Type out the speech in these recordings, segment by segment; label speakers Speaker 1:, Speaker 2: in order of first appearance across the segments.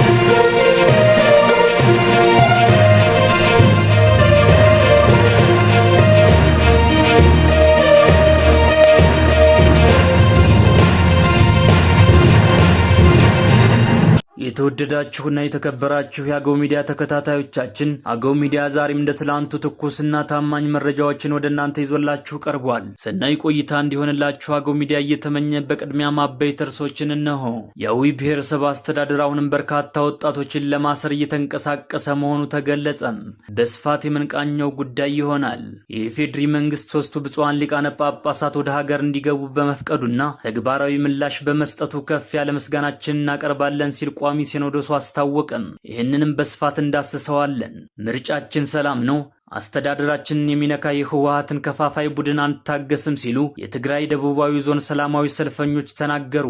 Speaker 1: Música የተወደዳችሁና የተከበራችሁ የአገው ሚዲያ ተከታታዮቻችን አገው ሚዲያ ዛሬም እንደ ትላንቱ ትኩስና ታማኝ መረጃዎችን ወደ እናንተ ይዞላችሁ ቀርቧል። ሰናይ ቆይታ እንዲሆንላችሁ አገው ሚዲያ እየተመኘ በቅድሚያ ማበይ ተርሶችን እነሆ። የአዊ ብሔረሰብ አስተዳደር አሁንም በርካታ ወጣቶችን ለማሰር እየተንቀሳቀሰ መሆኑ ተገለጸም። በስፋት የምንቃኘው ጉዳይ ይሆናል። የኢፌድሪ መንግስት ሶስቱ ብፁዓን ሊቃነ ጳጳሳት ወደ ሀገር እንዲገቡ በመፍቀዱና ተግባራዊ ምላሽ በመስጠቱ ከፍ ያለ ምስጋናችን እናቀርባለን ሲል ቋሚ ሲኖዶሱ አስታወቀም። ይህንንም በስፋት እንዳስሰዋለን። ምርጫችን ሰላም ነው፣ አስተዳደራችንን የሚነካ የህወሀትን ከፋፋይ ቡድን አንታገስም ሲሉ የትግራይ ደቡባዊ ዞን ሰላማዊ ሰልፈኞች ተናገሩ።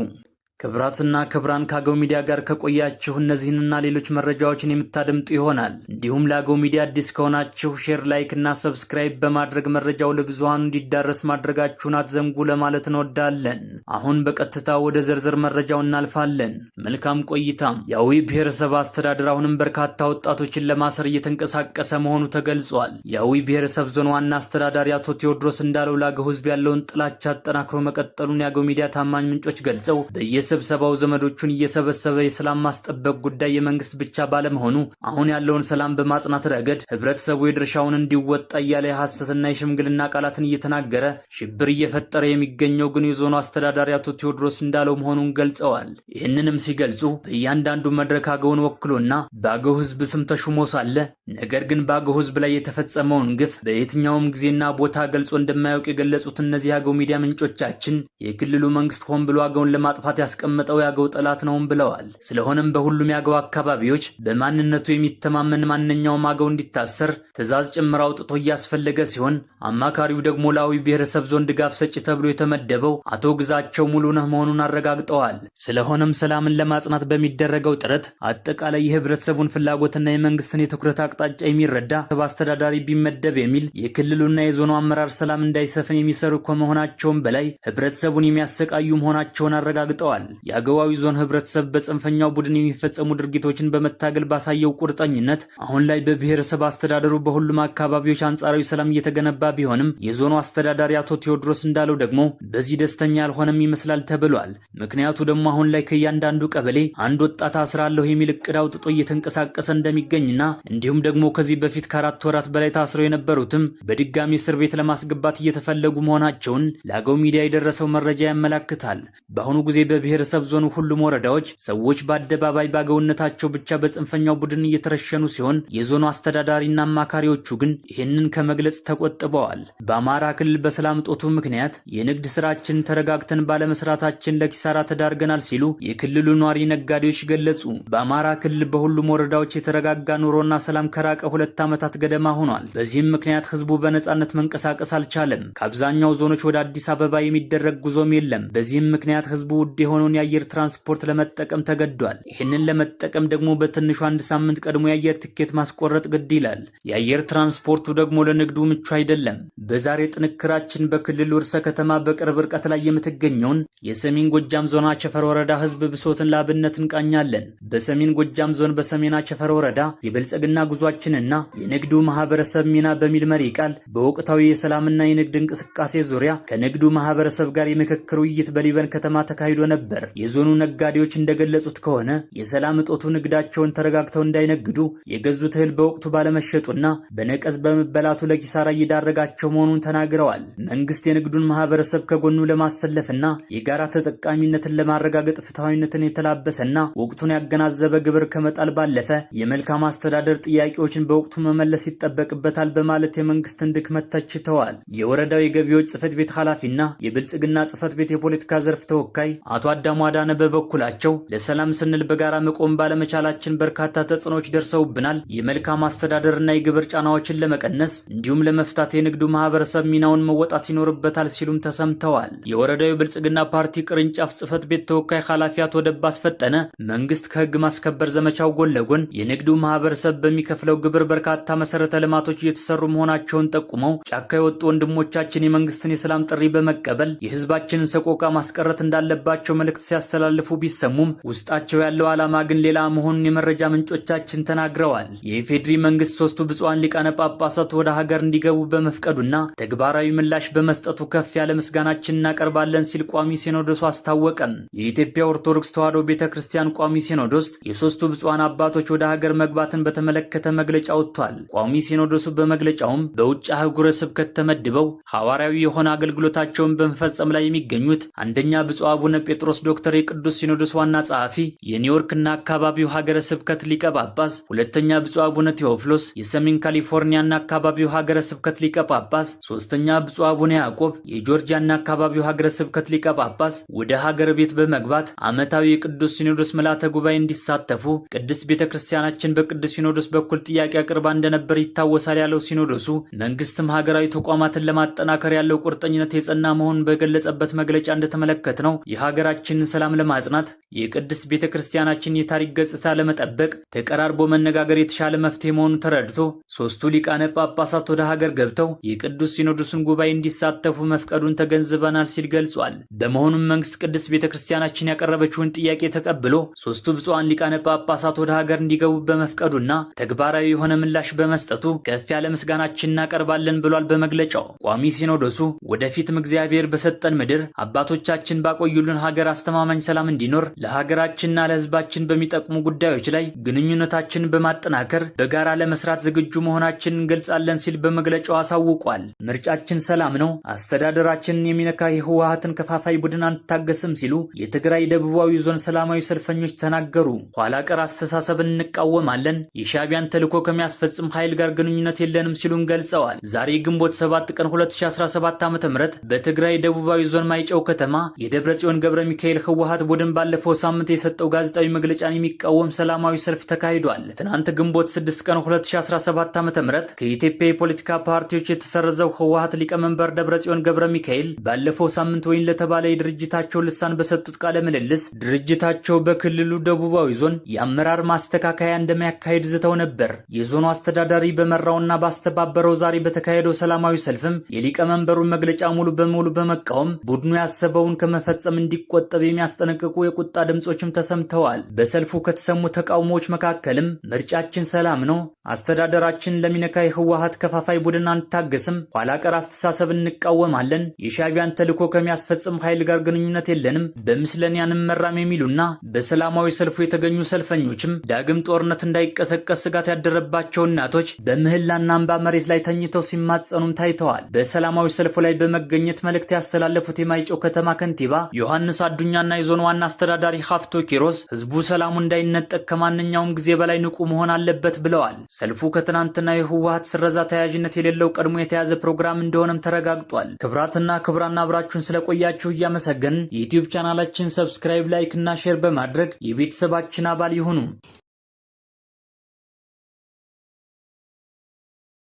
Speaker 1: ክብራትና ክብራን ከአገው ሚዲያ ጋር ከቆያችሁ እነዚህንና ሌሎች መረጃዎችን የምታደምጡ ይሆናል። እንዲሁም ለአገው ሚዲያ አዲስ ከሆናችሁ ሼር፣ ላይክ እና ሰብስክራይብ በማድረግ መረጃው ለብዙሃኑ እንዲዳረስ ማድረጋችሁን አትዘንጉ ለማለት እንወዳለን። አሁን በቀጥታ ወደ ዝርዝር መረጃው እናልፋለን። መልካም ቆይታም። የአዊ ብሔረሰብ አስተዳደር አሁንም በርካታ ወጣቶችን ለማሰር እየተንቀሳቀሰ መሆኑ ተገልጿል። የአዊ ብሔረሰብ ዞን ዋና አስተዳዳሪ አቶ ቴዎድሮስ እንዳለው ለአገው ህዝብ ያለውን ጥላቻ አጠናክሮ መቀጠሉን የአገው ሚዲያ ታማኝ ምንጮች ገልጸው በየ የስብሰባው ዘመዶቹን እየሰበሰበ የሰላም ማስጠበቅ ጉዳይ የመንግስት ብቻ ባለመሆኑ አሁን ያለውን ሰላም በማጽናት ረገድ ህብረተሰቡ የድርሻውን እንዲወጣ እያለ የሐሰትና የሽምግልና ቃላትን እየተናገረ ሽብር እየፈጠረ የሚገኘው ግን የዞኑ አስተዳዳሪ አቶ ቴዎድሮስ እንዳለው መሆኑን ገልጸዋል። ይህንንም ሲገልጹ በእያንዳንዱ መድረክ አገውን ወክሎና በአገው ህዝብ ስም ተሹሞ ሳለ ነገር ግን በአገው ህዝብ ላይ የተፈጸመውን ግፍ በየትኛውም ጊዜና ቦታ ገልጾ እንደማያውቅ የገለጹት እነዚህ አገው ሚዲያ ምንጮቻችን የክልሉ መንግስት ሆን ብሎ አገውን ለማጥፋት ያስ ያስቀመጠው ያገው ጠላት ነውም ብለዋል። ስለሆነም በሁሉም ያገው አካባቢዎች በማንነቱ የሚተማመን ማንኛውም አገው እንዲታሰር ትዕዛዝ ጭምር አውጥቶ እያስፈለገ ሲሆን አማካሪው ደግሞ ላዊ ብሔረሰብ ዞን ድጋፍ ሰጪ ተብሎ የተመደበው አቶ ግዛቸው ሙሉነህ መሆኑን አረጋግጠዋል። ስለሆነም ሰላምን ለማጽናት በሚደረገው ጥረት አጠቃላይ የህብረተሰቡን ፍላጎትና የመንግስትን የትኩረት አቅጣጫ የሚረዳ ሰብ አስተዳዳሪ ቢመደብ የሚል የክልሉና የዞኑ አመራር ሰላም እንዳይሰፍን የሚሰሩ ከመሆናቸውም በላይ ህብረተሰቡን የሚያሰቃዩ መሆናቸውን አረጋግጠዋል። ገልጸዋል። የአገዋዊ ዞን ህብረተሰብ በጽንፈኛው ቡድን የሚፈጸሙ ድርጊቶችን በመታገል ባሳየው ቁርጠኝነት አሁን ላይ በብሔረሰብ አስተዳደሩ በሁሉም አካባቢዎች አንጻራዊ ሰላም እየተገነባ ቢሆንም የዞኑ አስተዳዳሪ አቶ ቴዎድሮስ እንዳለው ደግሞ በዚህ ደስተኛ ያልሆነም ይመስላል ተብሏል። ምክንያቱ ደግሞ አሁን ላይ ከእያንዳንዱ ቀበሌ አንድ ወጣት አስራለሁ የሚል እቅድ አውጥቶ እየተንቀሳቀሰ እንደሚገኝና እንዲሁም ደግሞ ከዚህ በፊት ከአራት ወራት በላይ ታስረው የነበሩትም በድጋሚ እስር ቤት ለማስገባት እየተፈለጉ መሆናቸውን ለአገው ሚዲያ የደረሰው መረጃ ያመላክታል። በአሁኑ ጊዜ በብሔር ብሔረሰብ ዞን ሁሉም ወረዳዎች ሰዎች በአደባባይ ባገውነታቸው ብቻ በጽንፈኛው ቡድን እየተረሸኑ ሲሆን የዞኑ አስተዳዳሪና አማካሪዎቹ ግን ይህንን ከመግለጽ ተቆጥበዋል። በአማራ ክልል በሰላም ጦቱ ምክንያት የንግድ ስራችን ተረጋግተን ባለመስራታችን ለኪሳራ ተዳርገናል ሲሉ የክልሉ ኗሪ ነጋዴዎች ገለጹ። በአማራ ክልል በሁሉም ወረዳዎች የተረጋጋ ኑሮና ሰላም ከራቀ ሁለት ዓመታት ገደማ ሆኗል። በዚህም ምክንያት ህዝቡ በነጻነት መንቀሳቀስ አልቻለም። ከአብዛኛው ዞኖች ወደ አዲስ አበባ የሚደረግ ጉዞም የለም። በዚህም ምክንያት ህዝቡ ውድ የሆነው ያለውን የአየር ትራንስፖርት ለመጠቀም ተገዷል። ይህንን ለመጠቀም ደግሞ በትንሹ አንድ ሳምንት ቀድሞ የአየር ትኬት ማስቆረጥ ግድ ይላል። የአየር ትራንስፖርቱ ደግሞ ለንግዱ ምቹ አይደለም። በዛሬ ጥንክራችን በክልሉ ርዕሰ ከተማ በቅርብ ርቀት ላይ የምትገኘውን የሰሜን ጎጃም ዞን አቸፈር ወረዳ ህዝብ ብሶትን ለአብነት እንቃኛለን። በሰሜን ጎጃም ዞን በሰሜን አቸፈር ወረዳ የብልጽግና ጉዟችንና የንግዱ ማህበረሰብ ሚና በሚል መሪ ቃል በወቅታዊ የሰላምና የንግድ እንቅስቃሴ ዙሪያ ከንግዱ ማህበረሰብ ጋር የምክክር ውይይት በሊበን ከተማ ተካሂዶ ነበር። ነበር። የዞኑ ነጋዴዎች እንደገለጹት ከሆነ የሰላም እጦቱ ንግዳቸውን ተረጋግተው እንዳይነግዱ የገዙት እህል በወቅቱ ባለመሸጡና በነቀዝ በመበላቱ ለኪሳራ እየዳረጋቸው መሆኑን ተናግረዋል። መንግስት የንግዱን ማህበረሰብ ከጎኑ ለማሰለፍና የጋራ ተጠቃሚነትን ለማረጋገጥ ፍትሐዊነትን የተላበሰና ወቅቱን ያገናዘበ ግብር ከመጣል ባለፈ የመልካም አስተዳደር ጥያቄዎችን በወቅቱ መመለስ ይጠበቅበታል በማለት የመንግስትን ድክመት ተችተዋል። የወረዳው የገቢዎች ጽህፈት ቤት ኃላፊና የብልጽግና ጽህፈት ቤት የፖለቲካ ዘርፍ ተወካይ አቶ አዳሙ አዳነ በበኩላቸው ለሰላም ስንል በጋራ መቆም ባለመቻላችን በርካታ ተጽዕኖዎች ደርሰውብናል። የመልካም አስተዳደርና የግብር ጫናዎችን ለመቀነስ እንዲሁም ለመፍታት የንግዱ ማህበረሰብ ሚናውን መወጣት ይኖርበታል ሲሉም ተሰምተዋል። የወረዳው የብልጽግና ፓርቲ ቅርንጫፍ ጽህፈት ቤት ተወካይ ኃላፊ አቶ ደባ አስፈጠነ መንግስት ከህግ ማስከበር ዘመቻው ጎን ለጎን የንግዱ ማህበረሰብ በሚከፍለው ግብር በርካታ መሰረተ ልማቶች እየተሰሩ መሆናቸውን ጠቁመው ጫካ የወጡ ወንድሞቻችን የመንግስትን የሰላም ጥሪ በመቀበል የህዝባችንን ሰቆቃ ማስቀረት እንዳለባቸው መልእክት ሲያስተላልፉ ቢሰሙም ውስጣቸው ያለው ዓላማ ግን ሌላ መሆኑን የመረጃ ምንጮቻችን ተናግረዋል። የኢፌድሪ መንግስት ሶስቱ ብፁዓን ሊቃነ ጳጳሳት ወደ ሀገር እንዲገቡ በመፍቀዱና ተግባራዊ ምላሽ በመስጠቱ ከፍ ያለ ምስጋናችን እናቀርባለን ሲል ቋሚ ሲኖዶሱ አስታወቀም። የኢትዮጵያ ኦርቶዶክስ ተዋሕዶ ቤተ ክርስቲያን ቋሚ ሲኖዶስ የሶስቱ ብፁዓን አባቶች ወደ ሀገር መግባትን በተመለከተ መግለጫ ወጥቷል። ቋሚ ሲኖዶሱ በመግለጫውም በውጭ አህጉረ ስብከት ተመድበው ሐዋርያዊ የሆነ አገልግሎታቸውን በመፈጸም ላይ የሚገኙት አንደኛ ብፁዕ አቡነ ጴጥሮስ ጳጳስ ዶክተር የቅዱስ ሲኖዶስ ዋና ጸሐፊ የኒውዮርክና አካባቢው ሀገረ ስብከት ሊቀ ጳጳስ፣ ሁለተኛ ብፁዕ አቡነ ቴዎፍሎስ የሰሜን ካሊፎርኒያና አካባቢው ሀገረ ስብከት ሊቀ ጳጳስ፣ ሶስተኛ ብፁዕ አቡነ ያዕቆብ የጆርጂያና አካባቢው ሀገረ ስብከት ሊቀ ጳጳስ ወደ ሀገር ቤት በመግባት ዓመታዊ የቅዱስ ሲኖዶስ ምልዓተ ጉባኤ እንዲሳተፉ ቅድስት ቤተ ክርስቲያናችን በቅዱስ ሲኖዶስ በኩል ጥያቄ አቅርባ እንደነበር ይታወሳል ያለው ሲኖዶሱ መንግስትም ሀገራዊ ተቋማትን ለማጠናከር ያለው ቁርጠኝነት የጸና መሆኑን በገለጸበት መግለጫ እንደተመለከት ነው የሀገራችን የሀገራችንን ሰላም ለማጽናት የቅድስት ቤተ ክርስቲያናችን የታሪክ ገጽታ ለመጠበቅ ተቀራርቦ መነጋገር የተሻለ መፍትሄ መሆኑን ተረድቶ ሦስቱ ሊቃነ ጳጳሳት ወደ ሀገር ገብተው የቅዱስ ሲኖዶስን ጉባኤ እንዲሳተፉ መፍቀዱን ተገንዝበናል ሲል ገልጿል። በመሆኑም መንግስት ቅድስት ቤተ ክርስቲያናችን ያቀረበችውን ጥያቄ ተቀብሎ ሦስቱ ብፁዓን ሊቃነ ጳጳሳት ወደ ሀገር እንዲገቡ በመፍቀዱና ተግባራዊ የሆነ ምላሽ በመስጠቱ ከፍ ያለ ምስጋናችን እናቀርባለን ብሏል። በመግለጫው ቋሚ ሲኖዶሱ ወደፊትም እግዚአብሔር በሰጠን ምድር አባቶቻችን ባቆዩልን ሀገር አስተማማኝ ሰላም እንዲኖር ለሀገራችንና ለሕዝባችን በሚጠቅሙ ጉዳዮች ላይ ግንኙነታችንን በማጠናከር በጋራ ለመስራት ዝግጁ መሆናችንን እንገልጻለን ሲል በመግለጫው አሳውቋል። ምርጫችን ሰላም ነው፣ አስተዳደራችንን የሚነካ የህወሀትን ከፋፋይ ቡድን አንታገስም ሲሉ የትግራይ ደቡባዊ ዞን ሰላማዊ ሰልፈኞች ተናገሩ። ኋላ ቀር አስተሳሰብን እንቃወማለን፣ የሻቢያን ተልዕኮ ከሚያስፈጽም ኃይል ጋር ግንኙነት የለንም ሲሉም ገልጸዋል። ዛሬ ግንቦት 7 ቀን 2017 ዓ ም በትግራይ ደቡባዊ ዞን ማይጨው ከተማ የደብረ ጽዮን ገብረ ሚካኤል የራፋኤል ህወሀት ቡድን ባለፈው ሳምንት የሰጠው ጋዜጣዊ መግለጫን የሚቃወም ሰላማዊ ሰልፍ ተካሂዷል። ትናንት ግንቦት 6 ቀን 2017 ዓ ም ከኢትዮጵያ የፖለቲካ ፓርቲዎች የተሰረዘው ህወሀት ሊቀመንበር ደብረጽዮን ገብረ ሚካኤል ባለፈው ሳምንት ወይን ለተባለ የድርጅታቸው ልሳን በሰጡት ቃለ ምልልስ ድርጅታቸው በክልሉ ደቡባዊ ዞን የአመራር ማስተካከያ እንደሚያካሄድ ዝተው ነበር። የዞኑ አስተዳዳሪ በመራውና ባስተባበረው ዛሬ በተካሄደው ሰላማዊ ሰልፍም የሊቀመንበሩን መግለጫ ሙሉ በሙሉ በመቃወም ቡድኑ ያሰበውን ከመፈጸም እንዲቆጠ እንዳይታጠብ የሚያስጠነቅቁ የቁጣ ድምፆችም ተሰምተዋል። በሰልፉ ከተሰሙ ተቃውሞዎች መካከልም ምርጫችን ሰላም ነው፣ አስተዳደራችን ለሚነካ የህወሀት ከፋፋይ ቡድን አንታገስም፣ ኋላቀር አስተሳሰብ እንቃወማለን፣ የሻቢያን ተልዕኮ ከሚያስፈጽም ኃይል ጋር ግንኙነት የለንም፣ በምስለኔ አንመራም የሚሉና በሰላማዊ ሰልፉ የተገኙ ሰልፈኞችም ዳግም ጦርነት እንዳይቀሰቀስ ስጋት ያደረባቸው እናቶች በምህላና አንባ መሬት ላይ ተኝተው ሲማጸኑም ታይተዋል። በሰላማዊ ሰልፉ ላይ በመገኘት መልእክት ያስተላለፉት የማይጨው ከተማ ከንቲባ ዮሐንስ አዱ ስፖርተኛና የዞን ዋና አስተዳዳሪ ሀፍቶ ኪሮስ ህዝቡ ሰላሙ እንዳይነጠቅ ከማንኛውም ጊዜ በላይ ንቁ መሆን አለበት ብለዋል። ሰልፉ ከትናንትና የህወሀት ስረዛ ተያያዥነት የሌለው ቀድሞ የተያዘ ፕሮግራም እንደሆነም ተረጋግጧል። ክብራትና ክብራና አብራችሁን ስለቆያችሁ እያመሰገን የዩትዩብ ቻናላችን ሰብስክራይብ፣ ላይክ እና ሼር በማድረግ የቤተሰባችን አባል ይሁኑ።